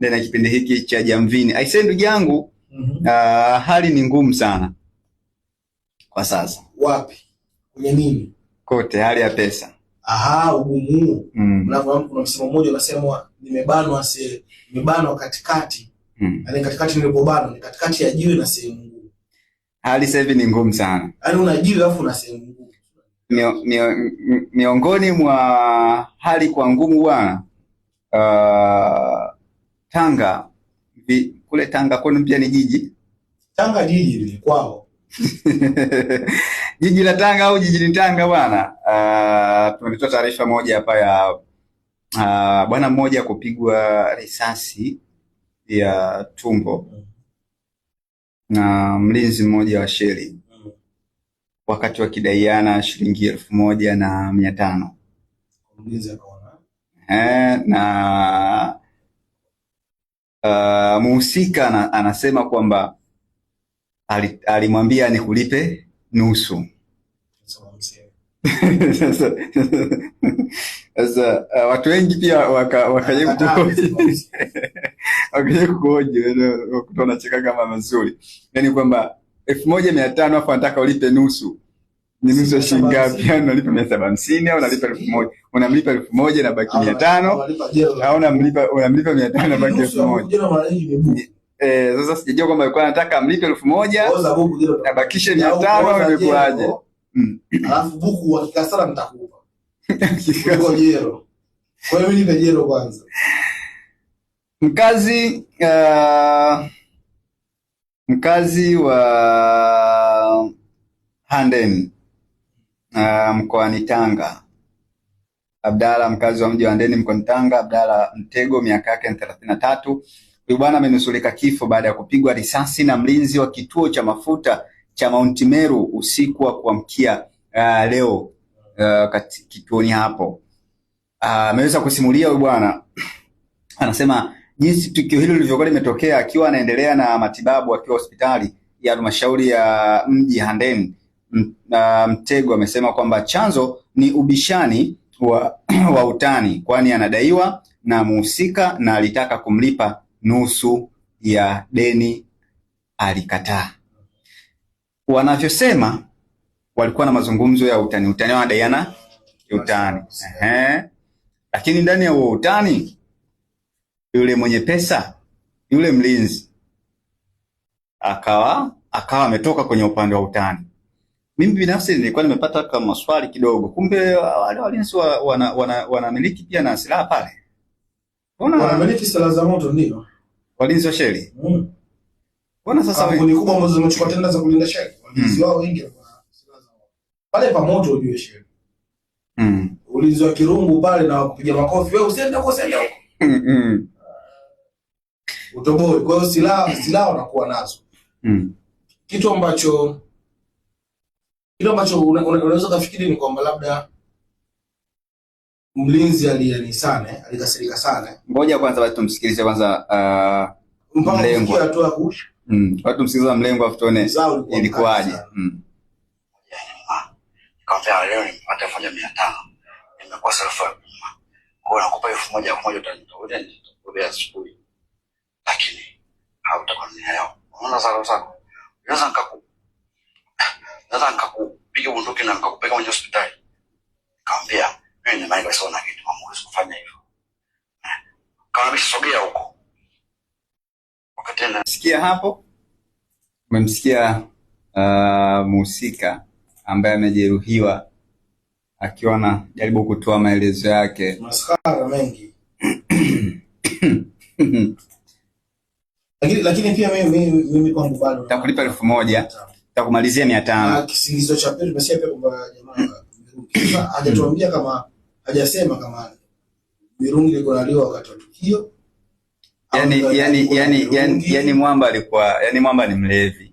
ndani ya kipindi hiki cha Jamvini. Aisee, ndugu yangu mm -hmm. Uh, hali ni ngumu sana kwa sasa. Wapi? Kwenye nini? Kote, hali ya pesa. Aha, ugumu. Mm. Unafahamu kuna msemo mmoja unasema nimebanwa se nimebanwa katikati. Mm. Yaani katikati nilipobanwa ni katikati ya jiwe na sehemu ngumu. Hali sasa hivi ni ngumu sana. Yaani una jiwe alafu na sehemu ngumu. Mio, mio, miongoni mwa hali kwa ngumu bwana. Uh, Tanga vi, kule Tanga kwenu pia ni jiji? Tanga jiji ni kwao. Jiji la Tanga au jijini Tanga bwana. Uh, tumetoa taarifa moja hapa ya uh, bwana mmoja kupigwa risasi ya tumbo na uh, mlinzi mmoja wa sheli wakati wakidaiana shilingi elfu moja na mia tano. Eh, na uh, muhusika anasema kwamba alimwambia ali nikulipe nusu. Sasa uh, watu wengi pia wakaje kukoje kutoa nacheka kama mazuri, yani kwamba elfu moja mia tano afu anataka ulipe nusu ni nusu ya shilingi ngapi? Yani unalipa mia saba hamsini au unalipa elfu moja unamlipa elfu moja na baki mia ah, tano au unamlipa mia tano na baki elfu moja Eh, sasa sijajua kwamba alikuwa anataka amlipe elfu moja abakishe mia tano imekuaje? Hmm. Alafu buku wa kikasara kwa hiyo nipe jero kwanza. Mkazi uh, mkazi wa Handeni uh, mkoani Tanga. Abdalla mkazi wa mji wa ndeni mkoani Tanga, Abdalla Mtego miaka yake 33. na tatu. Huyu bwana amenusurika kifo baada ya kupigwa risasi na mlinzi wa kituo cha mafuta cha Mount Meru usiku wa kuamkia uh, leo uh, kituoni hapo. Ameweza uh, kusimulia huyu bwana anasema jinsi tukio hilo lilivyokuwa limetokea, akiwa anaendelea na matibabu akiwa hospitali ya halmashauri ya mji Handeni uh, Mtego amesema kwamba chanzo ni ubishani wa, wa utani kwani anadaiwa na muhusika na alitaka kumlipa nusu ya deni, alikataa. Wanavyosema walikuwa na mazungumzo ya utani utani, wanadaiana utani ehe, lakini ndani ya huo utani yule mwenye pesa yule mlinzi akawa akawa ametoka kwenye upande wa utani mimi binafsi nilikuwa nimepata kama maswali kidogo, kumbe wale walinzi wanamiliki wana, wana pia na silaha pale, wanamiliki silaha za moto, ndio walinzi wa sheli mm. Mbona sasa wewe ah, kubwa ambazo zimechukua tenda za kulinda sheli, hmm. walinzi wao wengi silaha za moto pale pa moto, ujue sheli mm. ulinzi wa kirungu pale na kupiga makofi, wewe usiende huko, usiende huko mm Utoboi. Kwa hiyo silaha silaha wanakuwa nazo mm. kitu ambacho Kile ambacho unaweza ukafikiri ni kwamba labda mlinzi aliani sana alikasirika sana. Ngoja kwanza msikilize kwanza uh, mlengwa hatua mm. Watu msikilize mlengo afu tuone ilikuwaje. Mm. leo kwa nakupa elfu moja moja asubuhi, lakini hautakuwa ni leo. Unaona zako unaweza nikakupa sasa nikakupiga bunduki na nikakupeka kwenye hospitali. Nikamwambia mimi ni Michael Sona, kitu mamwezi kufanya hivyo. Eh, Kaniambia sogea huko. Wakati na sikia hapo, umemsikia uh, muhusika ambaye amejeruhiwa akiwa na jaribu kutoa maelezo yake maskhara mengi lakini, lakini pia mimi mimi kwangu bado nitakulipa elfu moja takumalizia mia tano. kisingizo cha pili tumesikia pia kwamba jamaa Mirungi hajatuambia kama hajasema kama Mirungi ilikuwa aliwa wakati wa tukio. Yani yani yani yani yani mwamba alikuwa yani mwamba ni mlevi.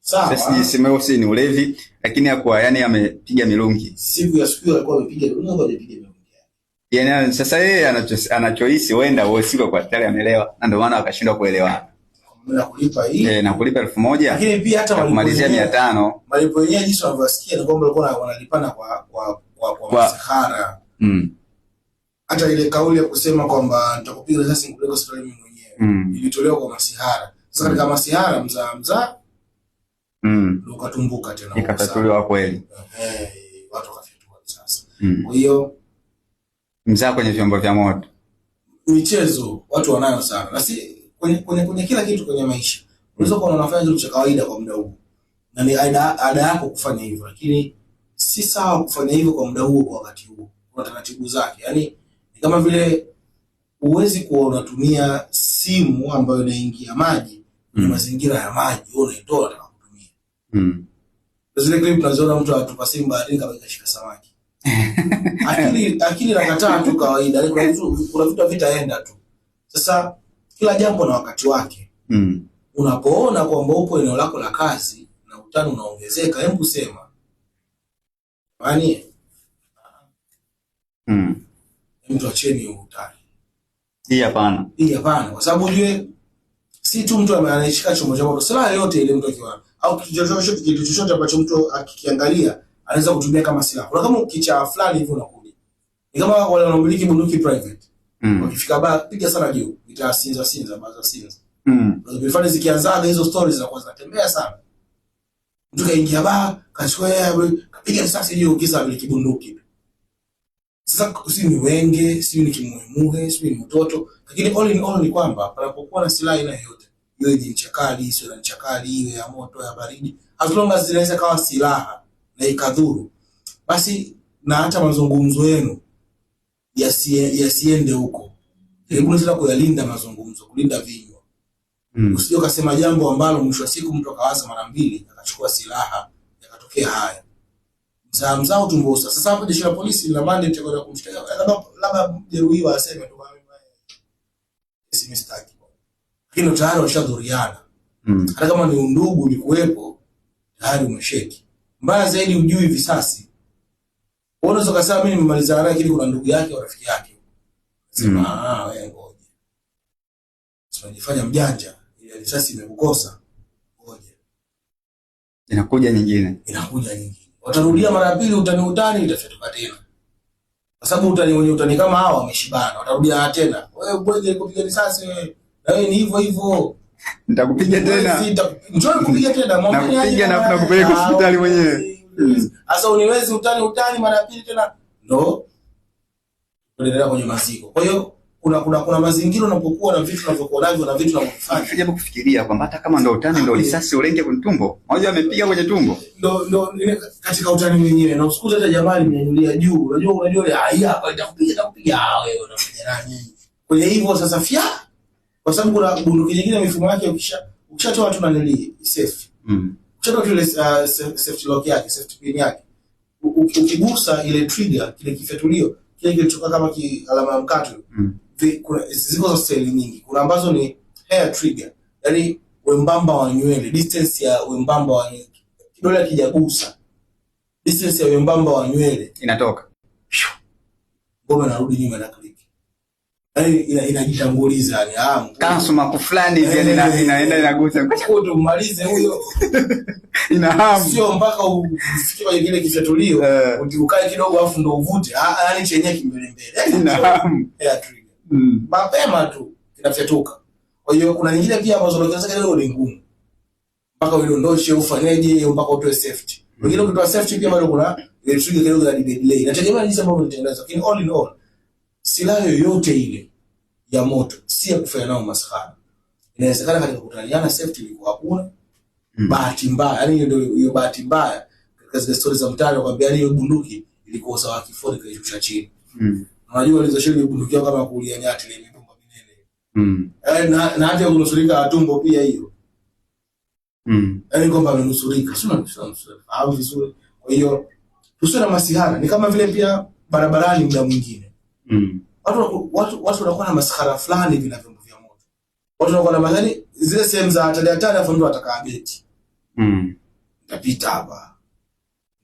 Sawa. Sasa sema si ni ulevi lakini hakuwa yani amepiga Mirungi. Siku ya siku alikuwa amepiga Mirungi au hajapiga Mirungi? Yani sasa yeye anachohisi anacho huenda siku kwa tayari amelewa na ndio maana akashindwa kuelewana na kulipa hii eh, na kulipa elfu moja lakini pia hata kumalizia mia tano malipo yenyewe jinsi wanavyosikia ni kwamba walikuwa wanalipana kwa kwa kwa, kwa, kwa msahara mm. hata ile kauli ya kusema kwamba nitakupiga risasi nikuliko hospitali mimi mwenyewe mm. ilitolewa kwa masihara sasa katika mm. masihara mzaa mzaa mm. ndio katumbuka tena ikatatuliwa kweli eh, watu wakafyatua sasa mm. kwa hiyo mzaa kwenye vyombo vya moto michezo watu wanayo sana na si kwenye, kwenye, kwenye kila kitu kwenye maisha unaweza kuwa unafanya kitu cha kawaida kwa muda huo na ni ada yako kufanya hivyo, lakini si sawa kufanya hivyo kwa muda huo, kwa wakati huo. Kuna taratibu zake, yani ni kama vile huwezi kuwa unatumia simu ambayo inaingia maji kwenye mm. mazingira ya maji, wewe unaitoa hmm. na kutumia mm. zile clip tunaziona mtu anatupa simu baharini kama ikashika samaki akili akili nakataa tu kawaida, yaani kuna vitu vitaenda tu sasa kila jambo na wakati wake mm. Unapoona kwamba upo eneo lako la kazi na utani unaongezeka, hebu sema yaani mm. Mtu acheni utani, hii hapana, hii hapana, kwa sababu ujue si tu mtu anaishika chombo cha moto, silaha yote ile mtu akiwa au kitu chochote kitu chochote ambacho mtu akikiangalia anaweza kutumia kama silaha. Kuna kama ukicha fulani hivi unakuja. Ni kama wale wanaomiliki bunduki private. Mm. Wakifika baa piga sana juu itasinza sinza baza sinza mm. Vifani zikianzaga hizo stories zinakuwa zinatembea sana, mtu kaingia ba kachukua kapiga risasi hiyo kisa vile kibunduki. Sasa si ni wenge si ni kimuimuhe si ni mtoto, lakini all in all ni kwamba panapokuwa na silaha aina yoyote iwe ni ncha sio na ncha kali iwe ya moto ya baridi, as long as zinaweza kawa silaha na ikadhuru, basi na hata mazungumzo yenu yasiende huko lengo letu la kuyalinda mazungumzo, kulinda vinywa mm. usije ukasema jambo ambalo mwisho wa siku mtu akawaza mara mbili akachukua silaha yakatokea haya mzaa mzao tumbosa. Sasa hapo jeshi la polisi lina mandate ya kwenda kumshtaka, eh, labda labda mjeruhiwa aseme tu eh, mimi si mistaki, lakini tayari washadhuriana mm. hata kama ni undugu ni kuwepo tayari umesheki. Mbaya zaidi, ujui visasi, unaweza kusema mimi nimemalizana naye, lakini kuna ndugu yake au rafiki yake sema mm. ah, wewe ngoja, tunajifanya mjanja, ile risasi imekukosa, ngoja inakuja nyingine, inakuja nyingine, watarudia mara ya pili, utani utani, itafika tena, kwa sababu utani wenye utani kama hao wameshibana, watarudia tena, wewe ngoja nikupiga risasi wewe, na wewe ni hivyo hivyo nitakupiga tena, njoo nikupiga tena, mwambie nakupiga na nakupeleka hospitali mwenyewe. Sasa uniwezi utani utani mara pili tena, ndo kuendelea kwenye maziko. Kwa hiyo kuna kuna kuna mazingira unapokuwa na vitu unavyokuwa navyo na vitu unavyofanya. Unajaribu kufikiria kwamba hata kama ndo utani ndo risasi ulenge kwenye tumbo. Mmoja amepiga kwenye tumbo. Ndo ndo katika utani mwenyewe na usikute hata jamaa limenyanyulia juu. Unajua unajua ile ai hapa itakupiga na itakupiga ah, wewe na nani. Kwa hivyo sasa fia kwa sababu kuna bunduki nyingine mifumo yake ukisha ukishatoa tu nanili safe. Mm. Ukishatoa tu ile uh, safety lock yake, safety pin yake. Ukigusa ile trigger kile kifetulio, kile kama ki alama ya mkato mm. ziko za staili nyingi. Kuna ambazo ni hair trigger, yani wembamba wa nywele, distance ya wembamba wa kidole akijagusa distance ya wembamba wa nywele inatoka, ngoma narudi nyuma na clip Yaani inajitanguliza yani ah, fulani yani inaenda inagusa kwa huyo sio mpaka usikie kwenye kile kifyatulio eh. kidogo afu ndo uvute ah, ah, yani chenye kimbele mbele yani ya trigger mm. mapema tu kwa hiyo kuna nyingine pia ambazo ni ngumu mpaka ufanyeje mpaka utoe safety wengine ukitoa safety pia bado kuna ile trigger kidogo ya delay inategemea jinsi ambavyo lakini all in all silaha yoyote ile ya moto si ya kufanya nao maskhara. Inawezekana katika kutaliana safety ilikuwa hakuna mm. bahati mbaya, yani hiyo ndio hiyo bahati mbaya katika zile stories za mtaani kwambia yaani hiyo bunduki ilikuwa sawa kifori kifoni kilichosha chini mm. unajua ile alizosha ile bunduki kama kulia nyati ile mipumba minene mm. eh na, na hata kunusurika atumbo pia hiyo mm. yani kwamba amenusurika, sio sio au vizuri. Kwa hiyo tusiwe na masihara, ni kama vile pia barabarani, muda mwingine Mm. Watu watu watu wanakuwa na maskhara fulani vile vyombo vya moto. Watu wanakuwa na madhani zile sehemu za hatari hatari afu ndio atakaa beti. Mm. Tapita hapa.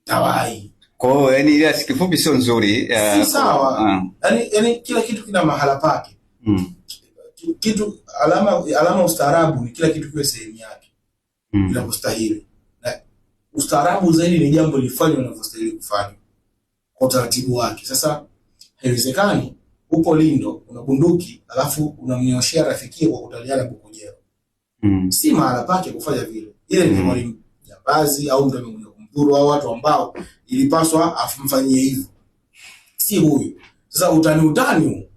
Tawai. Kwa hiyo yani ile siku fupi sio nzuri. Uh, si sawa. Uh. Yaani yaani kila kitu kina mahala pake. Mm. Kitu alama alama ustaarabu ni kila kitu kiwe sehemu yake. Mm. Bila kustahili. Na ustaarabu zaidi ni jambo lifanywe linavyostahili kufanywa kwa utaratibu wake. Sasa haiwezekani. Upo Lindo una bunduki alafu unamnyoshea rafiki kwa kutaliana buku mm. si mahala pake kufanya vile. Ile ni mwalimu hmm. jambazi au mtu amekuja kumdhuru au watu ambao ilipaswa afumfanyie hivyo, si huyu. Sasa utani utani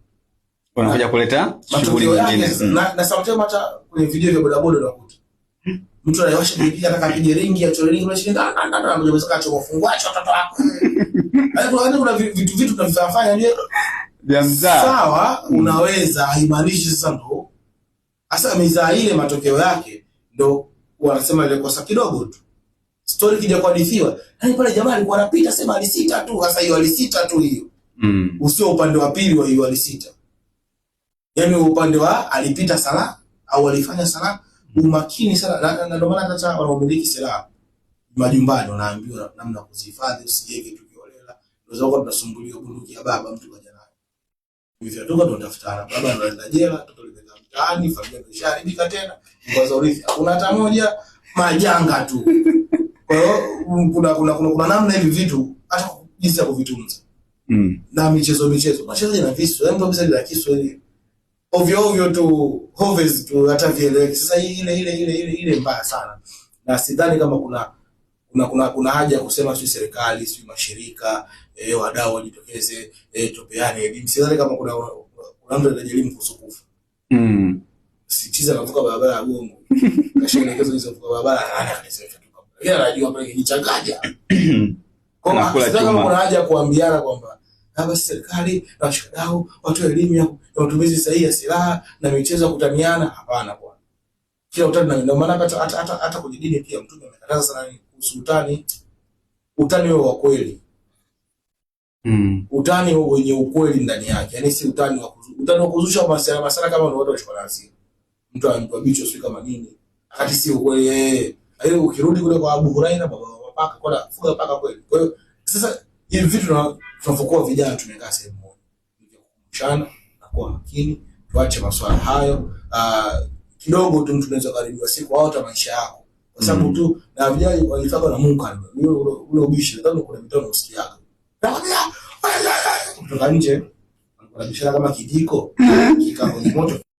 unakuja kuleta shughuli nyingine na, na, na, na, na, na, na, na, na, na, Mtu anayewasha pilipili anataka apige ringi ya ringi, kule chini ndani ndani na mjomba saka chomo fungua watoto wako. Hapo kuna kuna vitu vitu tunavyofanya ndio vya mzaa. Sawa, unaweza haimaanishi sasa ndo. Hasa mizaa ile matokeo yake ndo wanasema ile kosa kidogo tu. Story kija kuhadithiwa. Yaani pale jamaa alikuwa anapita sema alisita tu, hasa hiyo alisita tu hiyo. Mm. Usio upande wa pili wa hiyo alisita. Yaani upande wa alipita sala au alifanya sala umakini sana, na ndio maana hata wanaomiliki silaha majumbani wanaambiwa namna kuzihifadhi, usije kitu kiolela. Unaweza kuwa tunasumbuliwa bunduki ya baba, mtu kaja nayo hivi, atoka ndo tafutana, baba anaenda jela, mtoto libeka mtaani, familia imesharibika tena, kwa sababu urithi hakuna hata moja, majanga tu. Kwa hiyo mm, kuna kuna kuna kuna namna hivi vitu hata jinsi ya kuvitunza mm. na michezo michezo, mchezo ina visu, ndio mchezo ina kisu ile ovyo ovyo tu hovers tu hata vieleweki. Sasa hii ile ile ile ile ile mbaya sana, na sidhani kama kuna kuna kuna kuna haja ya kusema sisi serikali sisi mashirika eh, wadau wajitokeze eh, tupeane elimu. Sidhani kama kuna kuna mtu anahitaji elimu kuhusu kufa mm. Sitiza navuka barabara ya Gongo kashelekezo hizo kwa barabara ana kanisa tukapo, yeye anajua pale kijichanganya kwa sababu kuna haja ya kuambiana kwamba na serikali na washikadau watoe elimu ya matumizi sahihi ya silaha na michezo ya kutaniana. Hapana bwana, kila utani. na Ndio maana hata hata hata hata kwenye dini pia Mtume amekataza sana kuhusu utani, utani wewe wa kweli Mm. Utani wenye ukweli ndani yake. Yaani si utani wa kuzu, utani wa kuzusha masuala masuala kama watu wa nasi. Mtu anaitwa bicho sio kama nini. Wakati si ukweli. yeye. Hayo ukirudi kule kwa Abu Huraira baba paka kwa fuga paka kweli. Kwa hiyo sasa hivi vitu na Tunapokuwa vijana tumekaa sehemu moja, kukumbushana na kuwa makini, tuache masuala hayo. Uh, kidogo tu tunaweza karibiwa siku au hata maisha yako, kwa sababu mm. tu na vijana walitaka na Mungu ule ule ubishi, nadhani kuna vitano usikiaga kutoka nje, anabishana kama kijiko kikamoto.